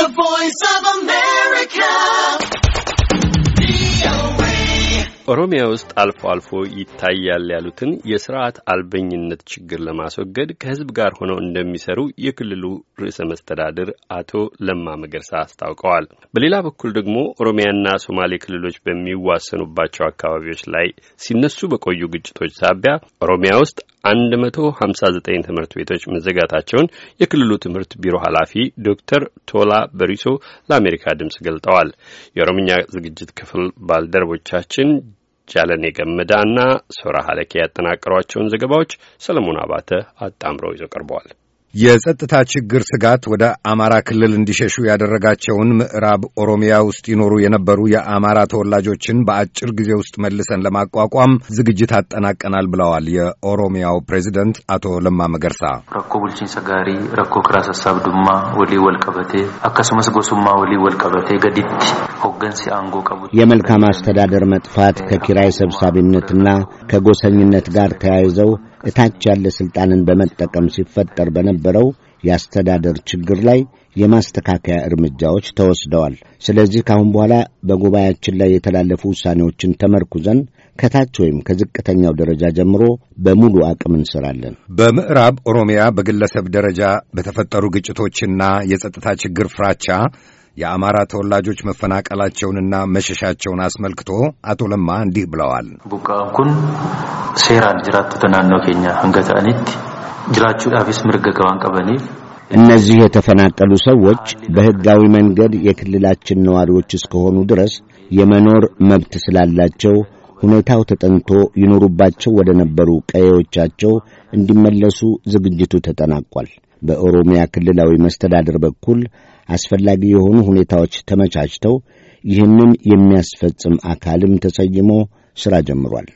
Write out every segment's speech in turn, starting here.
The Voice of America. ኦሮሚያ ውስጥ አልፎ አልፎ ይታያል ያሉትን የስርዓት አልበኝነት ችግር ለማስወገድ ከህዝብ ጋር ሆነው እንደሚሰሩ የክልሉ ርዕሰ መስተዳድር አቶ ለማ መገርሳ አስታውቀዋል። በሌላ በኩል ደግሞ ኦሮሚያና ሶማሌ ክልሎች በሚዋሰኑባቸው አካባቢዎች ላይ ሲነሱ በቆዩ ግጭቶች ሳቢያ ኦሮሚያ ውስጥ 159 ትምህርት ቤቶች መዘጋታቸውን የክልሉ ትምህርት ቢሮ ኃላፊ ዶክተር ቶላ በሪሶ ለአሜሪካ ድምፅ ገልጠዋል። የኦሮምኛ ዝግጅት ክፍል ባልደረቦቻችን ጃለኔ ገመዳ እና ሶራ ሀለኬ ያጠናቀሯቸውን ዘገባዎች ሰለሞን አባተ አጣምረው ይዞ ቀርበዋል። የጸጥታ ችግር ስጋት ወደ አማራ ክልል እንዲሸሹ ያደረጋቸውን ምዕራብ ኦሮሚያ ውስጥ ይኖሩ የነበሩ የአማራ ተወላጆችን በአጭር ጊዜ ውስጥ መልሰን ለማቋቋም ዝግጅት አጠናቀናል ብለዋል የኦሮሚያው ፕሬዚደንት አቶ ለማ መገርሳ። ረኮ ቡልቺን ሰጋሪ ረኮ ክራሰሳብ ዱማ ወሊ ወልቀበቴ አካስመስ ጎሱማ ወሊ ወልቀበቴ ገዲት ሆገንሲ አንጎ ቀቡት የመልካም አስተዳደር መጥፋት ከኪራይ ሰብሳቢነትና ከጎሰኝነት ጋር ተያይዘው እታች ያለ ስልጣንን በመጠቀም ሲፈጠር በነበ በነበረው የአስተዳደር ችግር ላይ የማስተካከያ እርምጃዎች ተወስደዋል። ስለዚህ ከአሁን በኋላ በጉባኤያችን ላይ የተላለፉ ውሳኔዎችን ተመርኩዘን ከታች ወይም ከዝቅተኛው ደረጃ ጀምሮ በሙሉ አቅም እንስራለን። በምዕራብ ኦሮሚያ በግለሰብ ደረጃ በተፈጠሩ ግጭቶችና የጸጥታ ችግር ፍራቻ የአማራ ተወላጆች መፈናቀላቸውንና መሸሻቸውን አስመልክቶ አቶ ለማ እንዲህ ብለዋል። ቡቃኩን ሴራን ጅራቱ ተናኖ ኬኛ አንገታኒት ጅራቹዳፊስ ምርገ ገባን ቀበኒ እነዚህ የተፈናቀሉ ሰዎች በህጋዊ መንገድ የክልላችን ነዋሪዎች እስከሆኑ ድረስ የመኖር መብት ስላላቸው ሁኔታው ተጠንቶ ይኖሩባቸው ወደ ነበሩ ቀዬዎቻቸው እንዲመለሱ ዝግጅቱ ተጠናቋል። በኦሮሚያ ክልላዊ መስተዳድር በኩል አስፈላጊ የሆኑ ሁኔታዎች ተመቻችተው ይህንን የሚያስፈጽም አካልም ተሰይሞ ሥራ ጀምሯል።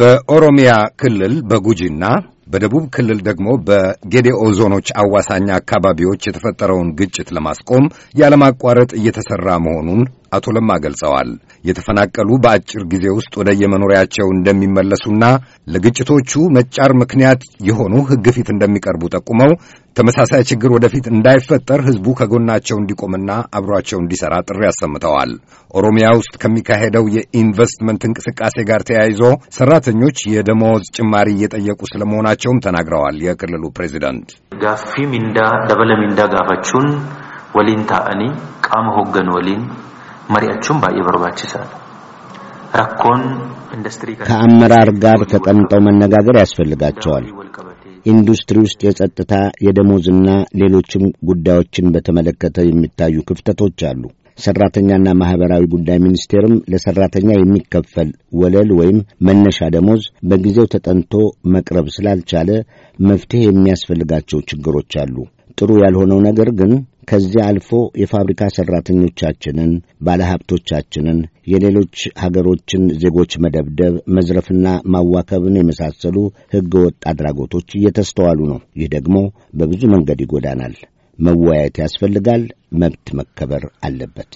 በኦሮሚያ ክልል በጉጂና በደቡብ ክልል ደግሞ በጌዴኦ ዞኖች አዋሳኝ አካባቢዎች የተፈጠረውን ግጭት ለማስቆም ያለማቋረጥ እየተሠራ መሆኑን አቶ ለማ ገልጸዋል። የተፈናቀሉ በአጭር ጊዜ ውስጥ ወደ የመኖሪያቸው እንደሚመለሱና ለግጭቶቹ መጫር ምክንያት የሆኑ ሕግ ፊት እንደሚቀርቡ ጠቁመው ተመሳሳይ ችግር ወደፊት እንዳይፈጠር ሕዝቡ ከጎናቸው እንዲቆምና አብሯቸው እንዲሠራ ጥሪ አሰምተዋል። ኦሮሚያ ውስጥ ከሚካሄደው የኢንቨስትመንት እንቅስቃሴ ጋር ተያይዞ ሠራተኞች የደመወዝ ጭማሪ እየጠየቁ ስለመሆናቸውም ተናግረዋል። የክልሉ ፕሬዚደንት። ጋፊ ሚንዳ ደበለ ሚንዳ ጋፋችሁን ወሊን ታአኒ ቃመ ሆገን ወሊን መሪያችሁም ባየ በርባችሳ ረኮን ከአመራር ጋር ተቀምጠው መነጋገር ያስፈልጋቸዋል። ኢንዱስትሪ ውስጥ የጸጥታ የደሞዝና ሌሎችም ጉዳዮችን በተመለከተ የሚታዩ ክፍተቶች አሉ። ሰራተኛና ማህበራዊ ጉዳይ ሚኒስቴርም ለሰራተኛ የሚከፈል ወለል ወይም መነሻ ደሞዝ በጊዜው ተጠንቶ መቅረብ ስላልቻለ መፍትሄ የሚያስፈልጋቸው ችግሮች አሉ። ጥሩ ያልሆነው ነገር ግን ከዚያ አልፎ የፋብሪካ ሠራተኞቻችንን፣ ባለሀብቶቻችንን፣ የሌሎች ሀገሮችን ዜጎች መደብደብ፣ መዝረፍና ማዋከብን የመሳሰሉ ወጥ አድራጎቶች እየተስተዋሉ ነው። ይህ ደግሞ በብዙ መንገድ ይጎዳናል። መወያየት ያስፈልጋል። መብት መከበር አለበት።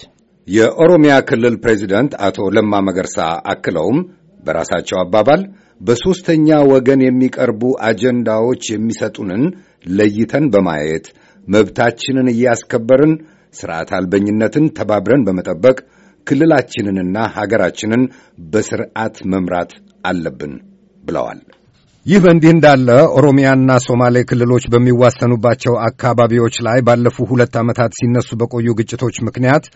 የኦሮሚያ ክልል ፕሬዚደንት አቶ ለማ መገርሳ አክለውም በራሳቸው አባባል በሦስተኛ ወገን የሚቀርቡ አጀንዳዎች የሚሰጡንን ለይተን በማየት መብታችንን እያስከበርን ስርዓት አልበኝነትን ተባብረን በመጠበቅ ክልላችንንና ሀገራችንን በስርዓት መምራት አለብን ብለዋል። ይህ በእንዲህ እንዳለ ኦሮሚያና ሶማሌ ክልሎች በሚዋሰኑባቸው አካባቢዎች ላይ ባለፉ ሁለት ዓመታት ሲነሱ በቆዩ ግጭቶች ምክንያት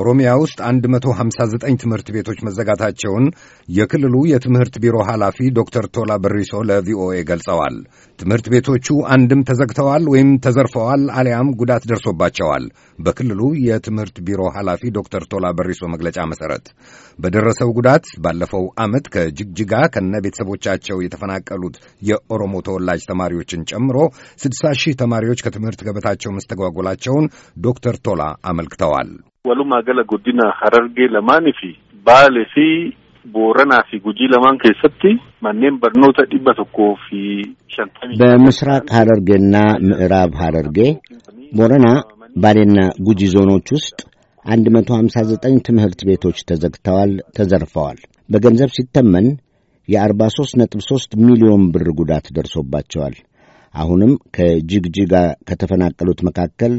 ኦሮሚያ ውስጥ 159 ትምህርት ቤቶች መዘጋታቸውን የክልሉ የትምህርት ቢሮ ኃላፊ ዶክተር ቶላ ብሪሶ ለቪኦኤ ገልጸዋል። ትምህርት ቤቶቹ አንድም ተዘግተዋል ወይም ተዘርፈዋል አሊያም ጉዳት ደርሶባቸዋል። በክልሉ የትምህርት ቢሮ ኃላፊ ዶክተር ቶላ ብሪሶ መግለጫ መሠረት በደረሰው ጉዳት ባለፈው ዓመት ከጅግጅጋ ከነ ቤተሰቦቻቸው የተፈናቀሉ የነበሩት የኦሮሞ ተወላጅ ተማሪዎችን ጨምሮ ስድሳ ሺህ ተማሪዎች ከትምህርት ገበታቸው መስተጓጎላቸውን ዶክተር ቶላ አመልክተዋል። ወሉማ ገለ ጉዲና ሀረርጌ ለማን ፊ ባሌ ፊ ቦረና ፊ ጉጂ ለማን ኬሰቲ ማኔም በርኖተ ዲበ ቶኮ ፊ በምስራቅ ሀረርጌና ምዕራብ ሀረርጌ ቦረና ባሌና ጉጂ ዞኖች ውስጥ 159 ትምህርት ቤቶች ተዘግተዋል፣ ተዘርፈዋል። በገንዘብ ሲተመን የ43.3 ሚሊዮን ብር ጉዳት ደርሶባቸዋል። አሁንም ከጅግጅጋ ከተፈናቀሉት መካከል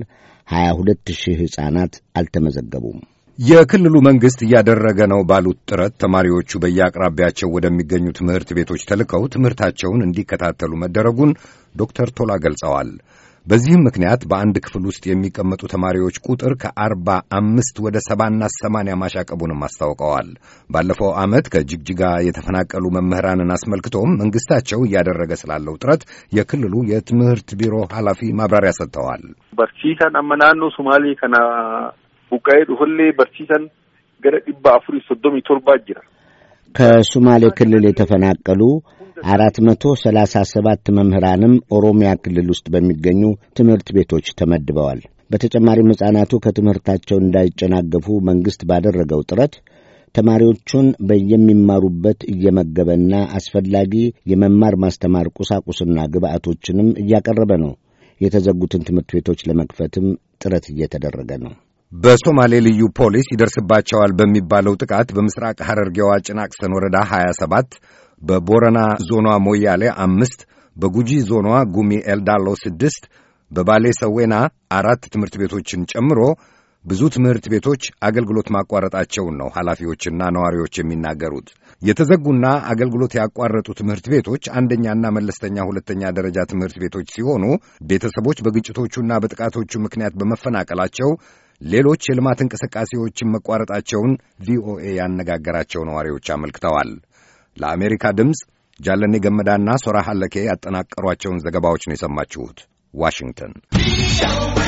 22 ሺህ ሕፃናት አልተመዘገቡም። የክልሉ መንግሥት እያደረገ ነው ባሉት ጥረት ተማሪዎቹ በየአቅራቢያቸው ወደሚገኙ ትምህርት ቤቶች ተልከው ትምህርታቸውን እንዲከታተሉ መደረጉን ዶክተር ቶላ ገልጸዋል። በዚህም ምክንያት በአንድ ክፍል ውስጥ የሚቀመጡ ተማሪዎች ቁጥር ከአርባ አምስት ወደ ሰባና ሰማንያ ማሻቀቡንም አስታውቀዋል። ባለፈው ዓመት ከጅግጅጋ የተፈናቀሉ መምህራንን አስመልክቶም መንግስታቸው እያደረገ ስላለው ጥረት የክልሉ የትምህርት ቢሮ ኃላፊ ማብራሪያ ሰጥተዋል። በርሲሰን አመናኖ ሶማሌ ከና ቡቃኤ ሁሌ በርሲሰን ገረ ዲባ አፍሪ ሶዶሚ ቶርባ ጅራ ከሶማሌ ክልል የተፈናቀሉ አራት መቶ ሰላሳ ሰባት መምህራንም ኦሮሚያ ክልል ውስጥ በሚገኙ ትምህርት ቤቶች ተመድበዋል። በተጨማሪም ሕፃናቱ ከትምህርታቸው እንዳይጨናገፉ መንግሥት ባደረገው ጥረት ተማሪዎቹን በየሚማሩበት እየመገበና አስፈላጊ የመማር ማስተማር ቁሳቁስና ግብዓቶችንም እያቀረበ ነው። የተዘጉትን ትምህርት ቤቶች ለመክፈትም ጥረት እየተደረገ ነው። በሶማሌ ልዩ ፖሊስ ይደርስባቸዋል በሚባለው ጥቃት በምስራቅ ሐረርጌዋ ጭናቅሰን ወረዳ 27 በቦረና ዞኗ ሞያሌ አምስት በጉጂ ዞኗ ጉሚ ኤልዳሎ ስድስት በባሌ ሰዌና አራት ትምህርት ቤቶችን ጨምሮ ብዙ ትምህርት ቤቶች አገልግሎት ማቋረጣቸውን ነው ኃላፊዎችና ነዋሪዎች የሚናገሩት። የተዘጉና አገልግሎት ያቋረጡ ትምህርት ቤቶች አንደኛና መለስተኛ ሁለተኛ ደረጃ ትምህርት ቤቶች ሲሆኑ ቤተሰቦች በግጭቶቹና በጥቃቶቹ ምክንያት በመፈናቀላቸው ሌሎች የልማት እንቅስቃሴዎችን መቋረጣቸውን ቪኦኤ ያነጋገራቸው ነዋሪዎች አመልክተዋል። ለአሜሪካ ድምፅ ጃለኔ ገመዳና ሶራ ሐለኬ ያጠናቀሯቸውን ዘገባዎች ነው የሰማችሁት። ዋሽንግተን